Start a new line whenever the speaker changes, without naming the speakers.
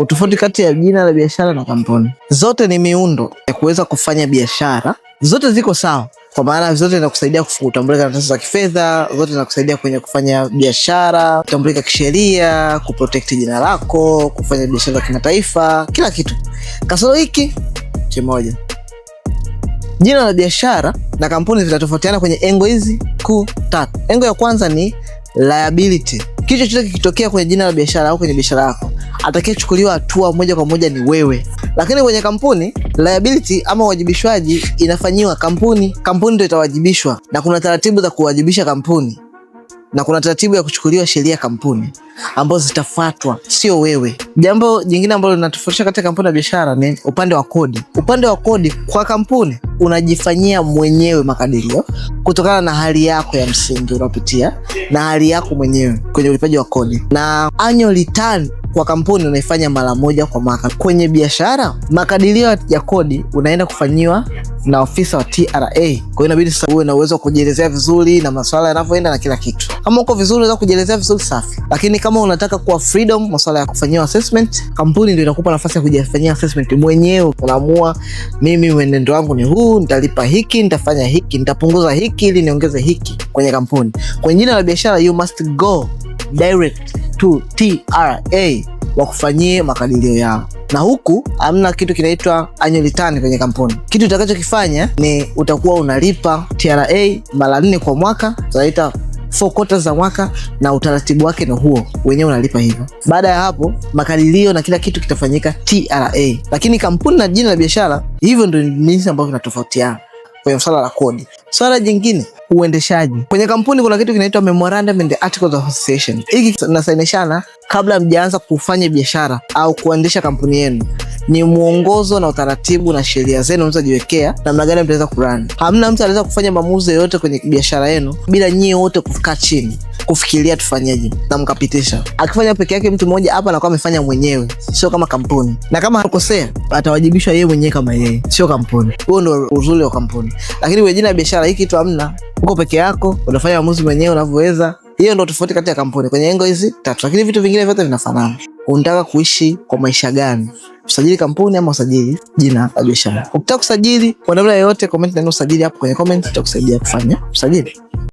Utofauti kati ya jina la biashara na kampuni, zote ni miundo ya kuweza kufanya biashara, zote ziko sawa kwa maana zote zinakusaidia kutambulika na taasisi za kifedha, zote zinakusaidia kwenye kufanya biashara, kutambulika kisheria, kuprotekti jina lako, kufanya biashara za kimataifa, kila kitu. Kasoro hiki kimoja, jina la biashara na kampuni zinatofautiana kwenye engo hizi kuu tatu. Engo ya kwanza ni liability. Kitu chochote kikitokea kwenye jina la biashara au kwenye biashara yako atakayechukuliwa hatua moja kwa moja ni wewe. Lakini kwenye kampuni liability ama uwajibishwaji inafanyiwa kampuni, kampuni ndio itawajibishwa, na kuna taratibu za kuwajibisha kampuni na kuna taratibu ya kuchukuliwa sheria kampuni ambazo zitafuatwa, sio wewe. Jambo jingine ambalo linatofautisha kati ya kampuni na biashara ni upande wa kodi. Upande wa kodi kwa kampuni unajifanyia mwenyewe makadirio kutokana na hali yako ya msingi unaopitia na hali yako mwenyewe kwenye ulipaji wa kodi, na annual return kwa kampuni unaifanya mara moja kwa mwaka. Kwenye biashara, makadirio ya kodi unaenda kufanyiwa na ofisa wa TRA. Kwa hiyo inabidi sasa uwe na uwezo wa kujielezea vizuri na masuala yanavyoenda na kila kitu. Kama uko vizuri, unaweza kujielezea vizuri, safi. Lakini kama unataka kuwa freedom, masuala ya kufanyia assessment, kampuni ndio inakupa nafasi ya kujifanyia assessment mwenyewe. Unaamua, mimi mwenendo wangu ni huu, nitalipa hiki, nitafanya hiki, nitapunguza hiki ili niongeze hiki kwenye kampuni. Kwenye jina la biashara, you must go direct tu TRA wakufanyie makadirio yao, na huku hamna kitu kinaitwa annual return kwenye kampuni. Kitu utakachokifanya ni utakuwa unalipa TRA mara nne kwa mwaka, tunaita four quarters za mwaka, na utaratibu wake ni huo, wenyewe unalipa hivyo. Baada ya hapo, makadirio na kila kitu kitafanyika TRA, lakini kampuni na jina la biashara, hivyo ndio jinsi ambavyo vinatofautiana kwenye msala la kodi. Swala jingine uendeshaji. Kwenye kampuni kuna kitu kinaitwa memorandum and articles of association. Hiki nasainishana kabla mjaanza kufanya biashara au kuendesha kampuni yenu ni mwongozo na utaratibu na sheria zenu mtajiwekea namna gani mtaweza kurani. Hamna mtu anaweza kufanya maamuzi yoyote kwenye biashara yenu bila nyie wote kukaa chini kufikiria tufanyeje na mkapitisha. Akifanya peke yake mtu mmoja hapa anakuwa amefanya mwenyewe, sio kama kampuni, na kama akosea atawajibishwa yeye mwenyewe kama yeye, sio kampuni. Huo ndo uzuri wa kampuni, lakini wengine ya biashara hii kitu hamna. Uko peke yako, unafanya maamuzi mwenyewe unavyoweza. Hiyo ndo tofauti kati ya kampuni kwenye engo hizi tatu, lakini vitu vingine vyote vinafanana. Unataka kuishi kwa maisha gani? Usajili kampuni ama usajili jina la biashara? Ukitaka kusajili kwa namna yoyote, comment neno usajili hapo kwenye comment, itakusaidia kufanya usajili.